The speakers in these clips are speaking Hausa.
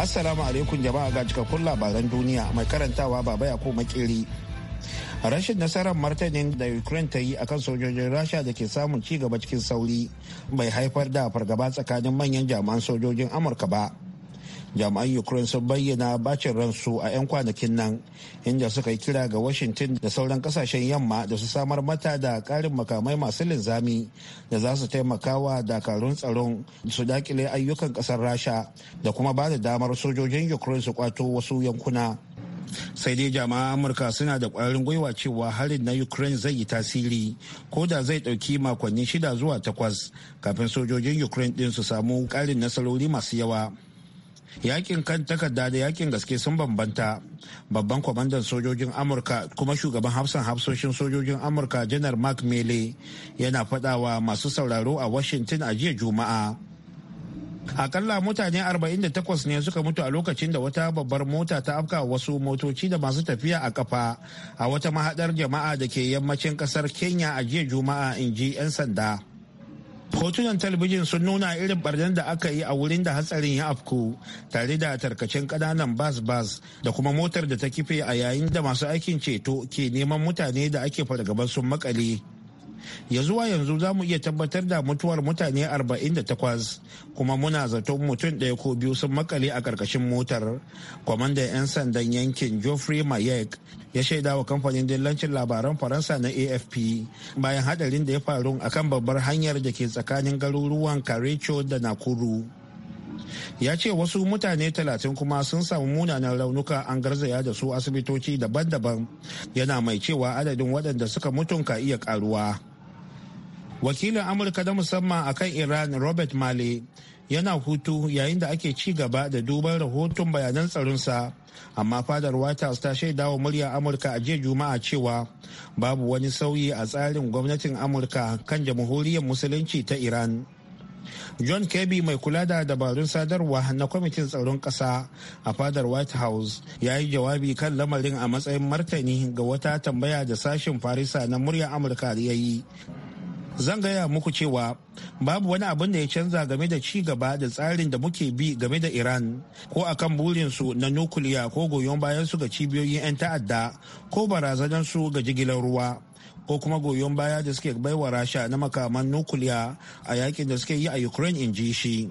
Assalamu alaikum jama'a ga cikakkun labaran duniya mai karantawa baba ya ko makeri. Rashin nasarar martanin da Ukraine ta yi akan sojojin Rasha da ke samun ci gaba cikin sauri bai haifar da fargaba tsakanin manyan jami'an sojojin Amurka ba. jami'an ukraine sun bayyana bacin ransu a 'yan kwanakin nan inda suka yi kira ga washington da sauran kasashen yamma da su samar mata da karin makamai masu linzami da za su taimakawa dakarun tsaron su dakile ayyukan kasar rasha da kuma ba da damar sojojin ukraine su kwato wasu yankuna sai dai jama'a amurka suna da kwarin gwiwa cewa harin na ukraine zai yi tasiri ko da zai dauki makonni shida zuwa takwas kafin sojojin ukraine din su samu karin nasarori masu yawa yakin kan takarda da yakin gaske sun bambanta babban kwamandan sojojin amurka kuma shugaban hafsan hafsoshin sojojin amurka janar mark mele yana fadawa masu sauraro a washington a jiya juma'a akalla mutane 48 ne suka mutu a lokacin da wata babbar mota ta afka wasu motoci da masu tafiya a kafa a wata mahadar jama'a da ke yammacin kasar kenya a jiya juma'a in ji 'yan sanda hotunan talabijin sun nuna irin barnan da aka yi a wurin da hatsarin ya afku tare da tarkacen kananan bas-bas da kuma motar da ta kife a yayin da masu aikin ceto ke neman mutane da ake fargabar sun makale ya zuwa yanzu za mu iya tabbatar da mutuwar mutane 48 kuma muna zaton mutum ɗaya ko biyu sun makale a ƙarƙashin motar kwamandan 'yan sandan yankin geoffrey mayek ya shaida wa kamfanin dillancin labaran faransa na afp bayan hadarin da ya faru akan babbar hanyar da ke tsakanin garuruwan karecho da nakuru ya ce wasu mutane talatin kuma sun samu munanan raunuka an garzaya da su asibitoci daban-daban yana mai cewa adadin waɗanda suka mutun ka iya ƙaruwa. wakilin amurka da musamman a kan iran robert mali yana hutu yayin da ake ci gaba da duban rahoton bayanan tsaronsa amma fadar white house ta shaida wa murya amurka a jiya juma'a cewa babu wani sauyi a tsarin gwamnatin amurka kan jamhuriyar musulunci ta iran john kirby mai kula da dabarun sadarwa na kwamitin tsaron ƙasa a fadar white house ya yi jawabi kan lamarin a matsayin martani ga wata tambaya da sashen farisa na murya amurka ya yi zan gaya muku cewa babu wani abin da ya canza game da ci gaba da tsarin da muke bi game da iran ko akan burinsu na nukuliya ko goyon bayan su ga cibiyoyin 'yan ta'adda ko barazanar su ga jigilar ruwa ko kuma goyon baya da suke baiwa rasha na makaman nukuliya a yakin da suke yi a ukraine in ji shi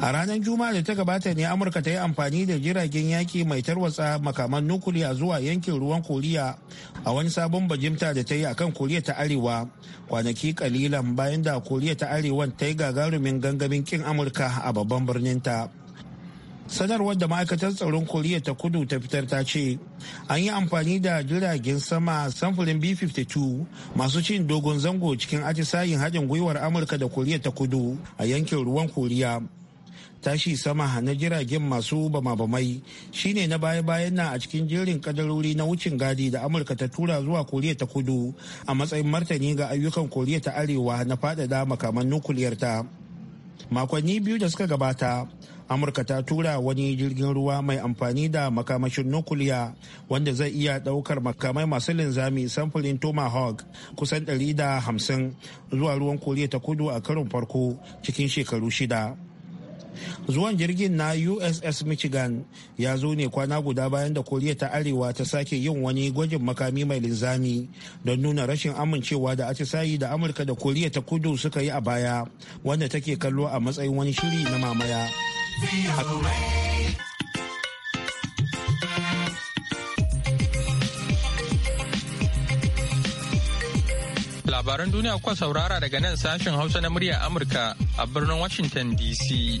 A ranar Juma'a da ta gabata ne Amurka ta yi amfani da jiragen yaki mai tarwatsa makaman nukuliya zuwa yankin ruwan Koriya a wani sabon bajimta da ta yi akan Koriya ta Arewa kwanaki kalilan bayan da Koriya ta Arewa ta yi gagarumin gangamin kin Amurka a babban birninta. Sanarwar da ma'aikatar tsaron Koriya ta kudu ta fitar ta ce an yi amfani da jiragen sama samfurin B-52 masu cin dogon zango cikin atisayin haɗin gwiwar Amurka da Koriya ta kudu a yankin ruwan Koriya. tashi sama na jiragen masu bama-bamai shine na baya-bayan na a cikin jerin kadarori na wucin gadi da amurka ta tura zuwa koriya ta kudu a matsayin martani ga ayyukan koriya ta arewa na faɗaɗa makaman nukuliyar ta makonni biyu da suka gabata amurka ta tura wani jirgin ruwa mai amfani da makamashin nukuliya wanda zai iya daukar makamai masu linzami samfurin tomahawk kusan 150 zuwa ruwan koriya ta kudu a karin farko cikin shekaru shida zuwan jirgin na uss michigan ya zo ne kwana guda bayan da koriya ta arewa ta sake yin wani gwajin makami mai linzami don nuna rashin amincewa da atisayi da amurka da koriya ta kudu suka yi a baya wanda take kallo a matsayin wani shiri na mamaya labaran duniya kuwa saurara daga nan sashen hausa na murya amurka a birnin washington dc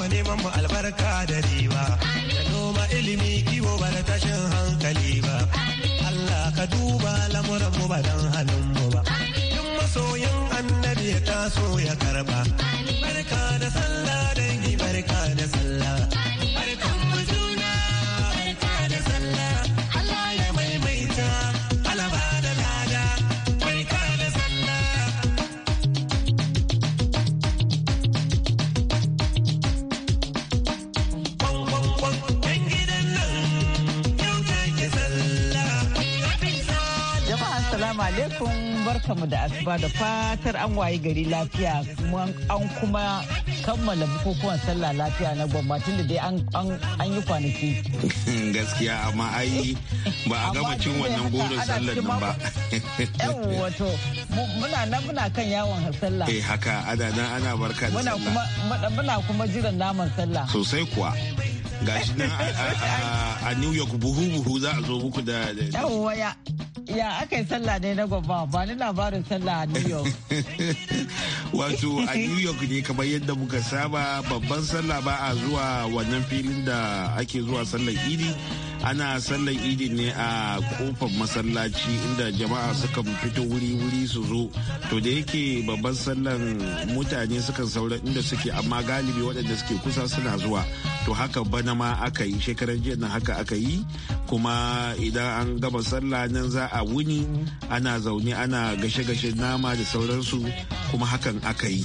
wa neman mu albarka da riba da noma ilimi kiwo ba da tashin hankali ba Allah ka duba lamuran mu ba dan halin mu ba duk masoyin annabi ya taso ya karba barka da sallah dangi barka da sallah barkamu da asuba da fatar an wayi gari lafiya an kuma kammala bukukuwan sallah lafiya na gwamma tun da dai an yi kwanaki. Gaskiya amma ai ba a gama cin wannan burin sallar nan ba. wato muna nan muna kan yawon sallah. Eh haka ana nan ana barka da sallah. Muna kuma jiran naman sallah. Sosai kuwa. Gashi nan a New York buhu-buhu za a zo muku da. Yawwa ya aka yi sallah ne na gwamba ba ni labarin sallah a new york wato a new york ne kamar yadda muka saba babban sallah ba a zuwa wannan filin da ake zuwa sallar idi ana sallar idi ne a kofar masallaci inda jama'a suka fito wuri-wuri su zo to da yake babban sallar mutane sukan saura inda suke amma galibi waɗanda suke kusa suna zuwa to haka bana ma aka yi shekaran jiya na haka aka yi kuma idan an gama sallah nan za a wuni ana zaune ana gashe-gashe nama da sauransu kuma hakan aka yi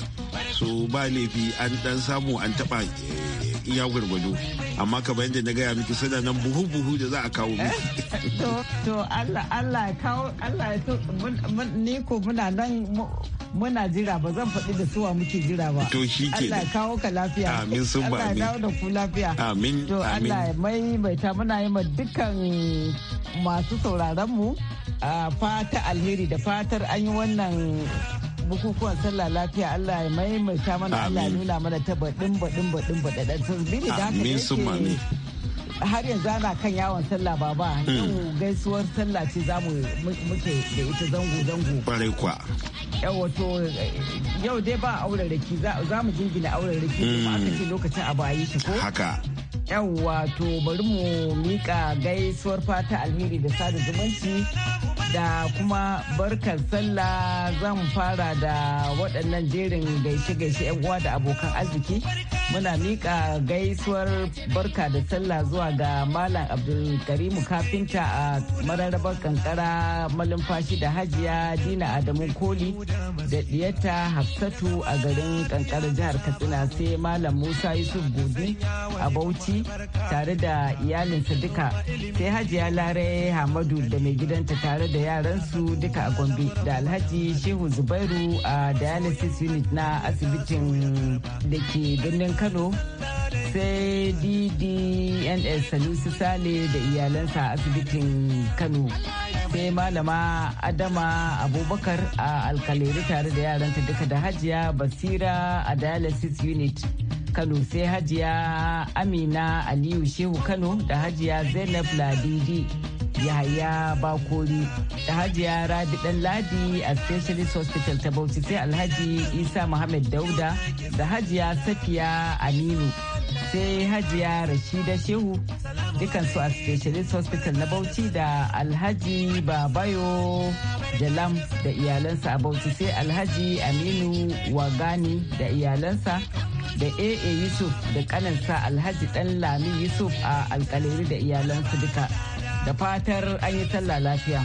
so ba laifi an dan samu an taɓa eh, ya gwargwado amma bayan da na gaya miki suna nan buhu-buhu da za a kawo miki. to to Allah Allah ya kawo Allah ya ni ko muna nan muna jira ba zan faɗi da suwa muke jira ba. To shi ke Allah kawo ka lafiya. Amin sun ba amin. Allah ya dawo da ku lafiya. Amin. To Allah mai mai ta muna yi ma dukkan masu sauraron mu ah, fata alheri da fatar an yi wannan bukukuwan sallah lafiya Allah ya maimaita mana Allah ya nuna mana ta baɗin baɗin baɗin baɗaɗɗen sun bi da haka ne. har yanzu ana kan yawon sallah baba hmm. yau gaisuwar sallah ce za mu muke da ita zango zango kwarai kwa yau wato yau dai ba auren raki za mu jingina auren raki ba hmm. aka ce lokacin abu a yi shi ko haka yau wato bari mu mika gaisuwar fata almiri da sada zumunci da kuma barkar sallah zan fara da waɗannan jerin gaishe-gaishe 'yan uwa da abokan arziki muna miƙa gaisuwar barka da sallah zuwa ga malam abdulkarimu kafinta a mararrabar kankara malumfashi da hajiya dina adamu koli da diyata hafsatu a garin kankara jihar katsina sai malam musa yusuf gobe a bauchi tare da iyalinsa duka sai hajiya lare hamadu da mai gidanta tare da yaransu duka a gombe da alhaji shehu zubairu a dialysis unit na asibitin da ke birnin Hello. sai ddns sanusi sale da iyalansa a asibitin kano sai malama adama abubakar a alkaleri tare da yaranta duka da hajiya basira a dialysis unit kano sai hajiya amina aliyu shehu kano da hajiya zainab ladidi yahaya bakori da hajiya rabi dan ladi a specialist hospital ta bauchi sai alhaji isa muhammad dauda da hajiya safiya aminu sai hajiya rashida shehu dukansu a specialist hospital na bauchi da alhaji babayo jalam da iyalansa a bauchi sai alhaji aminu wagani da iyalansa da aa yusuf da kanansa alhaji dan lami yusuf a alkaleri da iyalansa duka da fatar an yi talla lafiya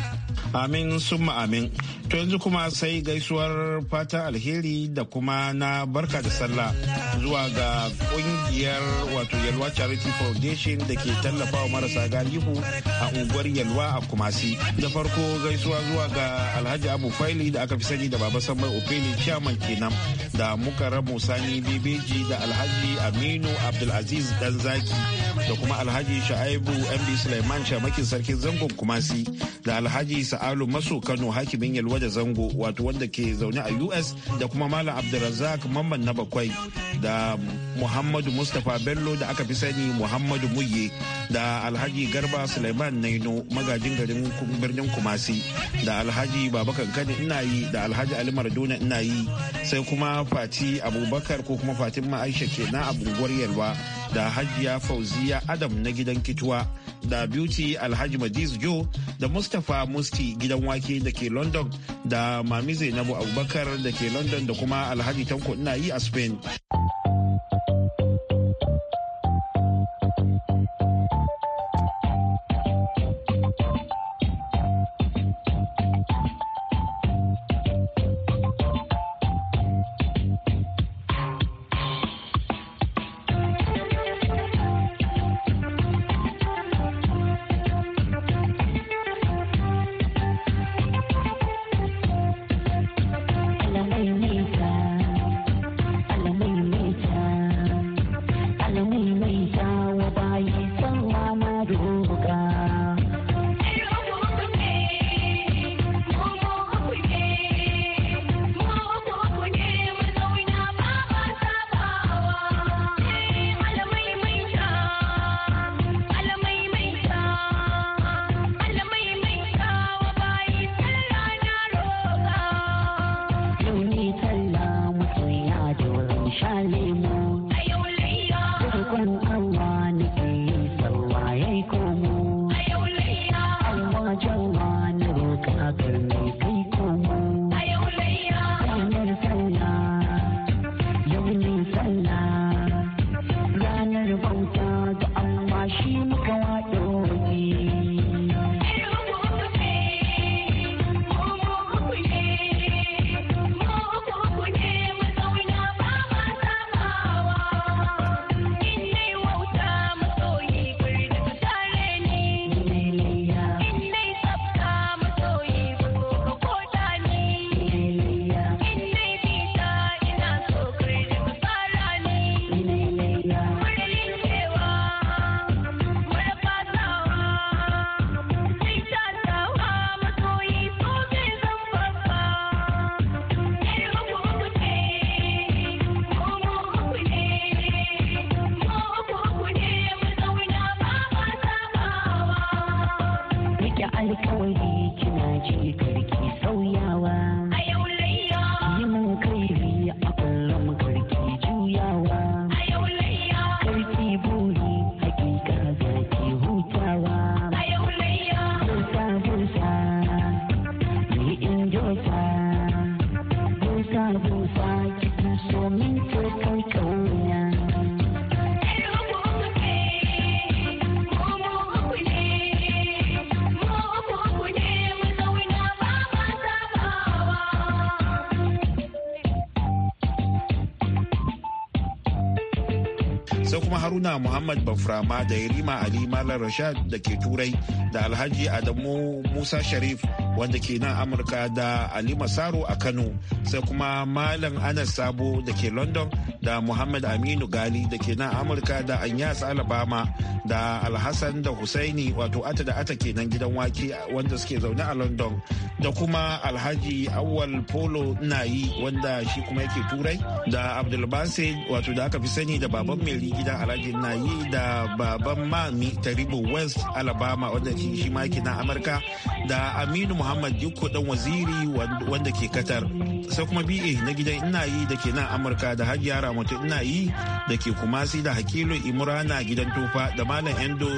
amin summa amin To yanzu kuma sai gaisuwar fata alheri da kuma na barka da sallah zuwa ga kungiyar wato Yalwa Charity Foundation da ke tallafawa marasa galihu a unguwar Yalwa a Kumasi. Da farko gaisuwa zuwa ga Alhaji Abu Faili da aka fi sani da Baba Sambai Opeli Chairman kenan da Mukarramu Sani Bebeji da Alhaji Aminu Abdulaziz Danzaki da kuma Alhaji Sha'aibu MB Sulaiman Shamakin Sarkin Zangon Kumasi da Alhaji Sa'alu Maso Kano Hakimin Yalwa gwada zango wato wanda ke zaune a us da kuma malam abdulrazak mamman na bakwai da muhammadu mustapha bello da aka fi sani muhammadu muye da alhaji garba suleiman naino magajin garin birnin kumasi da alhaji babakar kani ina yi da alhaji ali maradona ina yi sai kuma fati abubakar ko kuma fatima aisha kenan a unguwar yalwa da hajiya fauziya adam na gidan kituwa da beauty alhaji Madis jo da mustapha musti gidan wake da ke london da mami zainabu abubakar da ke london da kuma alhaji tanko ina yi a spain gwamna muhammad baframa da yarima ali malam rashad da ke turai da alhaji adamu musa sharif wanda ke nan amurka da ali masaro a kano sai kuma malam anas sabo da ke london da Muhammad Aminu Gali da ke nan Amurka da Anyas Alabama da Alhassan da Husaini wato ata da ata nan gidan wake wanda suke zaune a London da kuma Alhaji Awal Polo Nayi wanda shi kuma yake turai da Abdulbase wato da aka fi sani da baban Meri gidan Alhaji Nayi da baban Mami Taribu West Alabama wanda shi ma yake nan Amurka da Aminu Muhammad Dikko dan waziri wanda ke Qatar sai kuma BA na gidan Nayi da ke nan Amurka da Hajiya mutum ina yi da ke kumasi da hakilu imurana gidan tufa da malam endo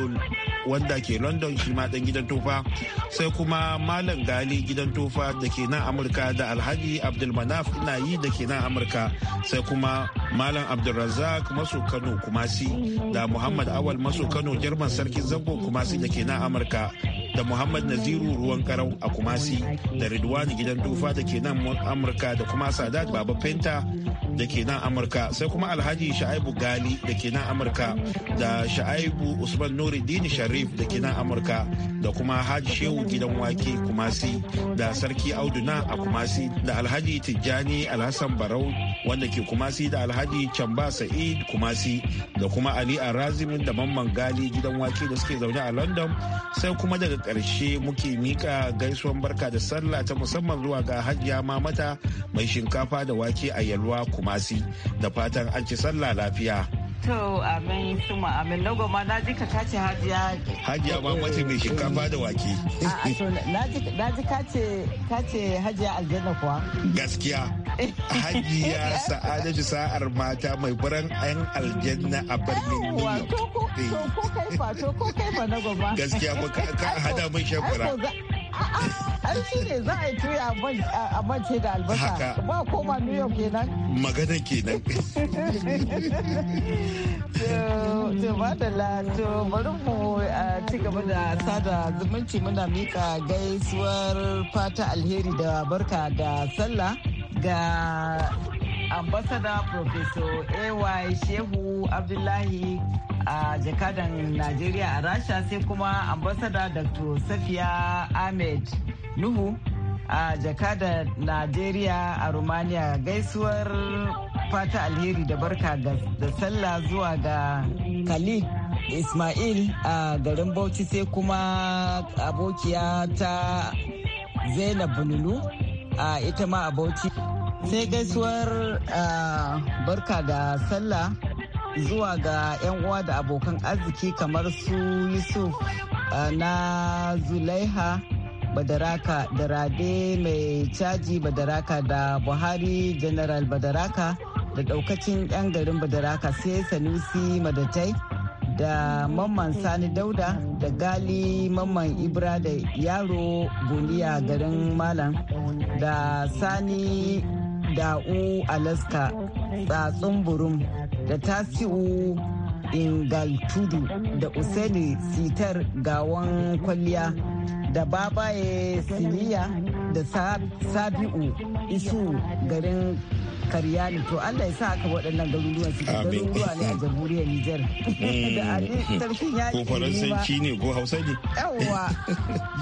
wanda ke london shi ma dan gidan tufa sai kuma malam gali gidan tufa da ke nan amurka da alhaji abdulmanaf ina yi da ke nan amurka sai kuma malam abdulrazak maso kano kumasi da muhammad awal maso kano jarman sarkin zango kumasi da ke nan amurka da Muhammad Naziru ruwan karau a Kumasi da Ridwan gidan tufa da ke nan Amurka da kuma Sadat Baba Penta da ke nan Amurka sai kuma Alhaji Sha'ibu Gali da ke nan Amurka da Sha'ibu Usman Nuruddin Sharif da ke nan Amurka da kuma Haji Shehu gidan wake Kumasi da Sarki Auduna a Kumasi da Alhaji Tijjani Alhassan Barau wanda ke Kumasi da Alhaji Chamba Sa'id Kumasi da kuma ali razimin da mamman gali gidan wake da suke zaune a london sai kuma daga karshe muke mika gaisuwan barka da sallah ta musamman zuwa ga hajiya mamata mai shinkafa da wake a yalwa kumasi da fatan an ci sallah lafiya To amin suma amin na goma na ji ka kace hajiya. Hajiya ba mace mai shinkafa da wake. Na ji kace hajiya aljanna kuwa. Gaskiya. Hajiya sa'adatu sa'ar mata mai buran ayan aljanna a birnin New York. Ko kai fa to ko kai fa na goma. Gaskiya ko ka hada mun shakura. an shi ne za a yi tuya a mace da albasa ba koma new york kenan magana kenan to madalla to bari mu ci gaba da sada zumunci muna mika gaisuwar fata alheri da barka da sallah ga ambasada professor ay shehu abdullahi a jakadan najeriya a rasha sai kuma ambasada dr safiya ahmed nuhu a jakadan najeriya a romania gaisuwar fata alheri da barka da sallah zuwa ga khalid ismail a garin bauchi sai kuma abokiya ta zainab bululu a ita ma a bauchi sai gaisuwar ah, barka da sallah zuwa ga 'yan uwa da abokan arziki kamar su yusuf ah, na zulaiha badaraka da Rade mai caji badaraka da buhari general badaraka da daukacin 'yan garin badaraka sai sanusi madatai da mamman sani dauda da gali mamman ibra da yaro guniya garin malam da sani da'u alaska tsatsun burum da tasiu ingaltudu da usaini sitar gawon kwalliya da babaye siliya da sabi'u isu garin karyani to Allah ya sa aka waɗannan garuruwan su garuruwa ne a jamhuriyar Nijar. Hmm. Da sarkin ya Ko faransanci ne ko hausa ne? Yawwa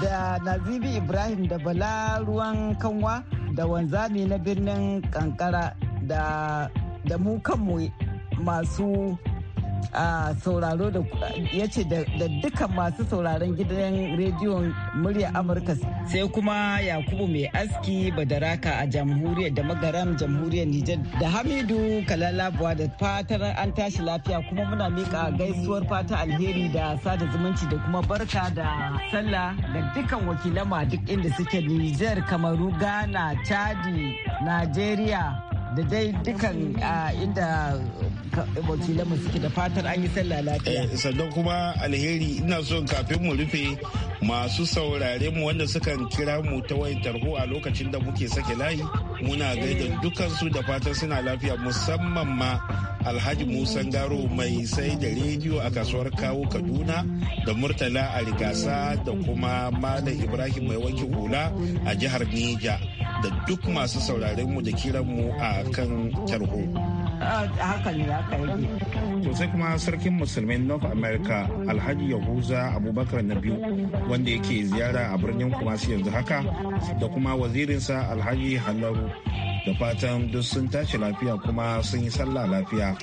da Nazibi Ibrahim da Bala ruwan kanwa da wanzami na birnin kankara da mu kanmu masu a sauraro da ya ce da dukkan masu sauraron gidan rediyon murya amurka sai kuma yakubu mai aski badaraka a jamhuriyar da magaram jamhuriyar nijar da hamidu kalalabuwa da fatar an tashi lafiya kuma muna mika gaisuwar fata alheri da sada zumunci da kuma barka da sallah da dukkan wakilama duk inda suke nijar kamaru ghana chadi Nigeria. da dai dukan inda wakilanmu suke da fatar an yi sallah lafiya. Eh, sannan kuma alheri ina son kafin mu rufe masu saurare mu wanda sukan kira mu ta wayan tarho a lokacin da muke sake layi muna gaida dukansu da fatan suna lafiya musamman ma alhaji musa garo mai sai da rediyo a kasuwar kawo kaduna da murtala a rigasa da kuma malam ibrahim mai wanke hula a jihar neja da duk masu sauraren mu da kiran mu a kan tarho sosai to sai kuma sarkin musulmin north america alhaji yahuza abubakar na biyu wanda yake ziyara a birnin kumasi yanzu haka da kuma wazirinsa alhaji halaru da fatan duk sun tashi lafiya kuma sun yi sallah lafiya.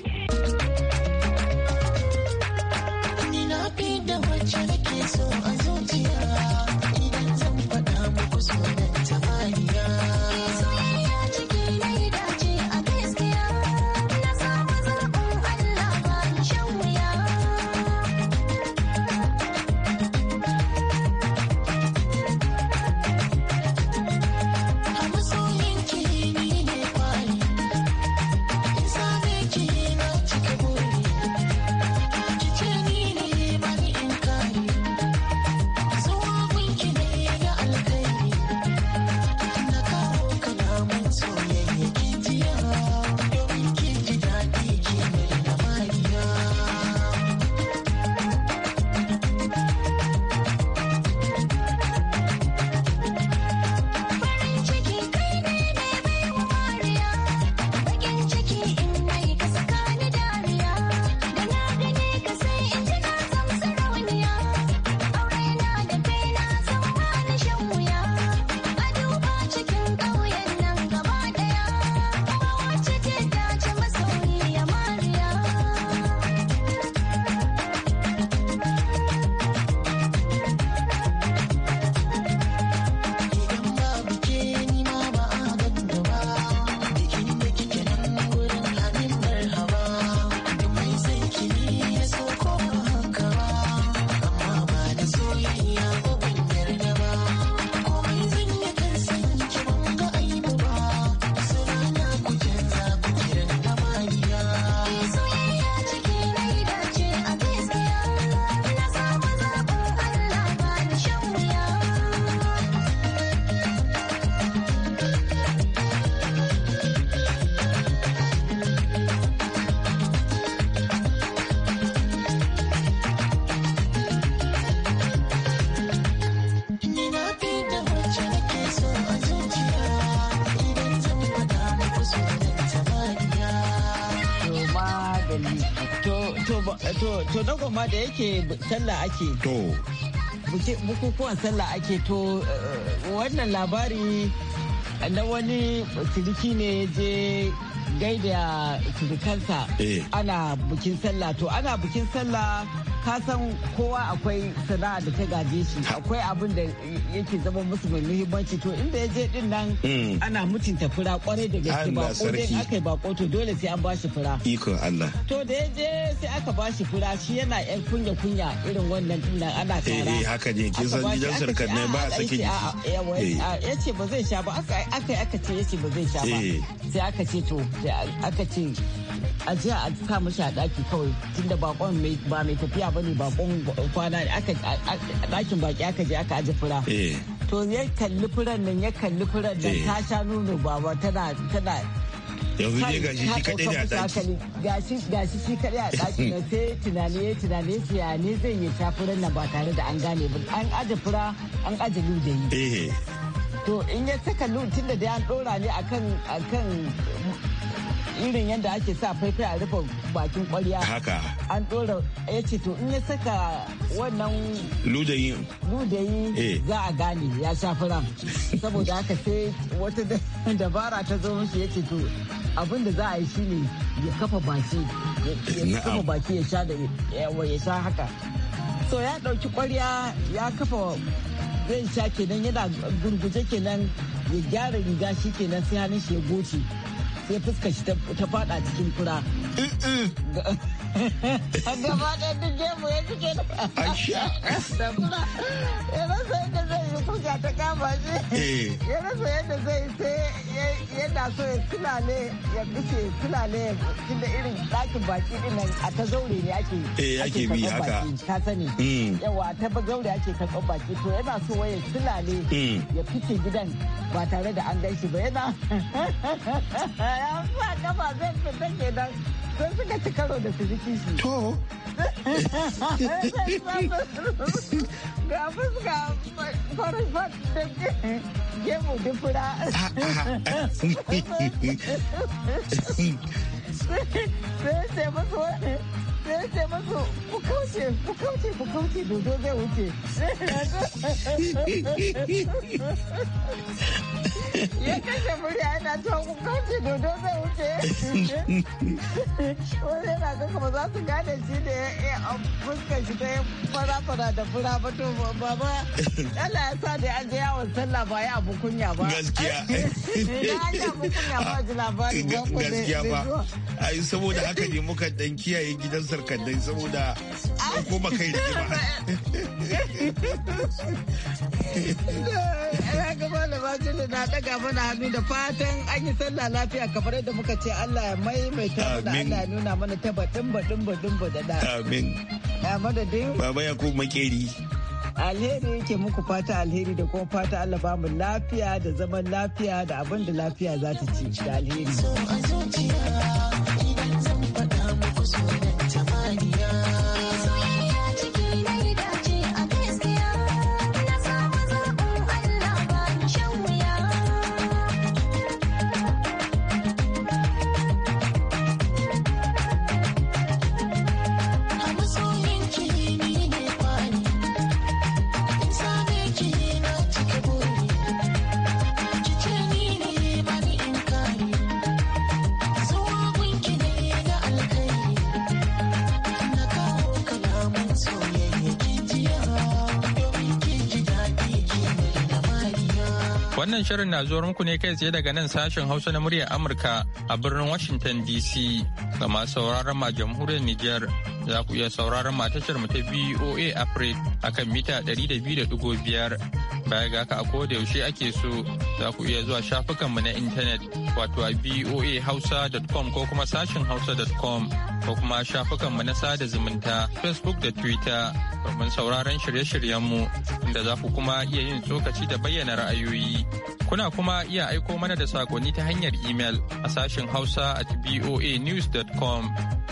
na goma da yake sallah ake. To. Bukukuwan sallah ake to eh, wannan labari na wani siriki ne je gaida surukansa eh. ana bukin sallah to ana bukin sallah ka san kowa akwai sana'a da ta gaje shi akwai abin da yake zama musu mai muhimmanci to inda ya je din nan hmm. ana mutunta fura kwarai da gaske ko dai aka yi bako to dole sai an ba shi fura ikon Allah to da ya je sai aka ba shi fura shi yana yan kunya kunya irin wannan din nan ana tara eh, eh haka ne kin san gidan sarkar ne ba a saki eh. ya ce ba zai sha ba aka aka ce ya ce ba zai sha ba eh. sai aka ce to aka ce a jiya a sa mashi a daki kawai tunda bakon ba mai tafiya bane bakon kwana aka dakin baki aka je aka aje fura eh. to ya kalli furan nan ya kalli furan nan eh. ta sha nono baba tana tana yanzu ne ga shi kadai ne a daki Ga shi shi kadai a daki na sai tunani ya tunani ya ya ne zai yi ta furan nan ba tare da an gane ba an aje fura an aje yi. Eh. To in ya saka tunda da ya an ɗora ne akan irin yadda ake sa faifai a rufe bakin kwarya haka an dora ya ce to in ya saka wannan ludayi ludayi eh. za a gane ya sha furan saboda haka sai wata dabara ta zo mishi ya ce to abin da za a yi shine ya kafa baki ya kafa baki ya sha da ya sha haka so ya dauki kwarya ya kafa zai sha kenan yana gurguje kenan ya gyara riga shi kenan sai hannun shi ya goce sai fuska shi ta fada cikin fura. Gaba ɗaya duk gemu ya cike da fura. Ya rasa yadda zai soja ta kama shi eh. ya rasa yadda zai sai yana so ya silale ya bice silale tunda irin ɗakin baki din nan a ta zaure ne ake eh, ake bi haka ta sani hmm. yawa ta zaure ake karɓar baki to yana so waya silale hmm. ya fice gidan ba tare da an gaishe ba yana ya sa kafa zai fita kenan sai suka ci karo da siriki shi to ga fuska farin fat gemu da fura. Sai sai sai ce ku kauce dodo zai wuce ya kashe murya yana cewa ku kauce dodo zai wuce wani yana ga kama za su gane shi da ya fuskar shi ta fara-fara da fura ba to ba ba Allah ya sa da an je yawon sallah ba ya abu ba gaskiya da an yi abu kunya ba ji labari ba gaskiya ba ai saboda haka ne muka dan kiyaye gidansa kasar kandai saboda koma kai eh, da ba. na daga mana hannu da fatan an yi sallah lafiya kamar yadda muka ce Allah ya maimaita mana Allah ya nuna mana ta baɗin dimba dimba da da. Amin. Ya madadin. Baba ya ko makeri. alheri yake muku fata alheri da kuma fata Allah ba mu lafiya da zaman lafiya da abin da lafiya za ta ci da alheri. shirin na zuwar muku ne kai tsaye daga nan sashen Hausa na muryar Amurka a birnin Washington DC. Ga masu sauraron ma jamhuriyar Niger za ku iya sauraron ma tashar mu ta BOA Africa kan mita 200.5. Baya ga ka a koda yaushe ake so za ku iya zuwa shafukanmu na intanet wato a hausa.com ko kuma sashen hausa.com ko kuma shafukanmu na sada zumunta Facebook da Twitter domin sauraron shirye-shiryenmu inda za ku kuma iya yin tsokaci da bayyana ra'ayoyi. Kuna kuma iya aiko mana da sakonni ta hanyar email a sashen Hausa at com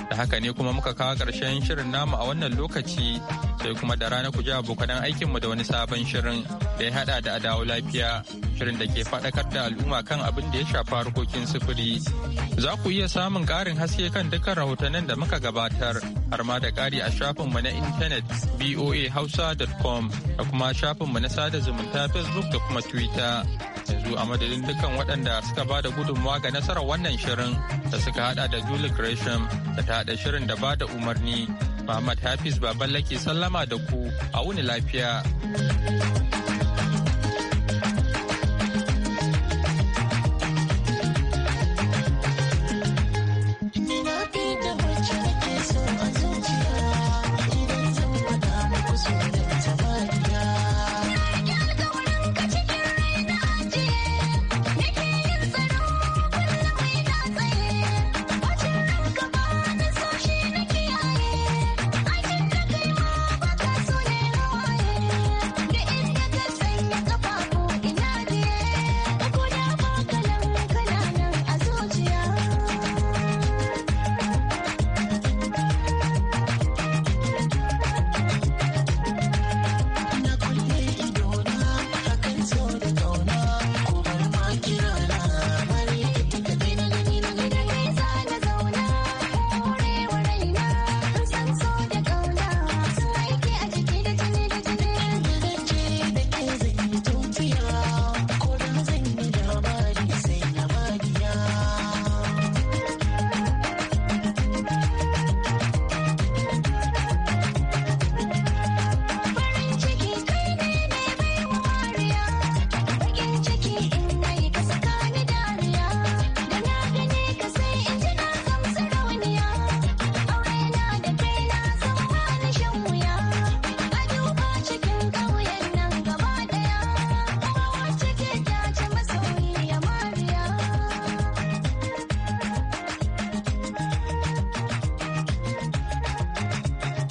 Da haka ne kuma muka kawo ƙarshen shirin namu a wannan lokaci sai kuma da rana ku ji aikin aikinmu da wani sabon shirin da ya haɗa da adawo lafiya shirin da ke faɗakar da al'umma kan abin da ya shafi harkokin sufuri. Za ku iya samun ƙarin haske kan dukkan rahotannin shirin da muka gabatar har ma da kari a shafinmu na intanet voahausa.com da kuma shafinmu na sada zumunta facebook da kuma twitter yanzu a madadin dukkan waɗanda suka ba da gudunmawa ga nasarar wannan shirin da suka hada da julie gresham da ta hada shirin da ba da umarni Muhammad Hafiz Baballake sallama da ku a wuni lafiya.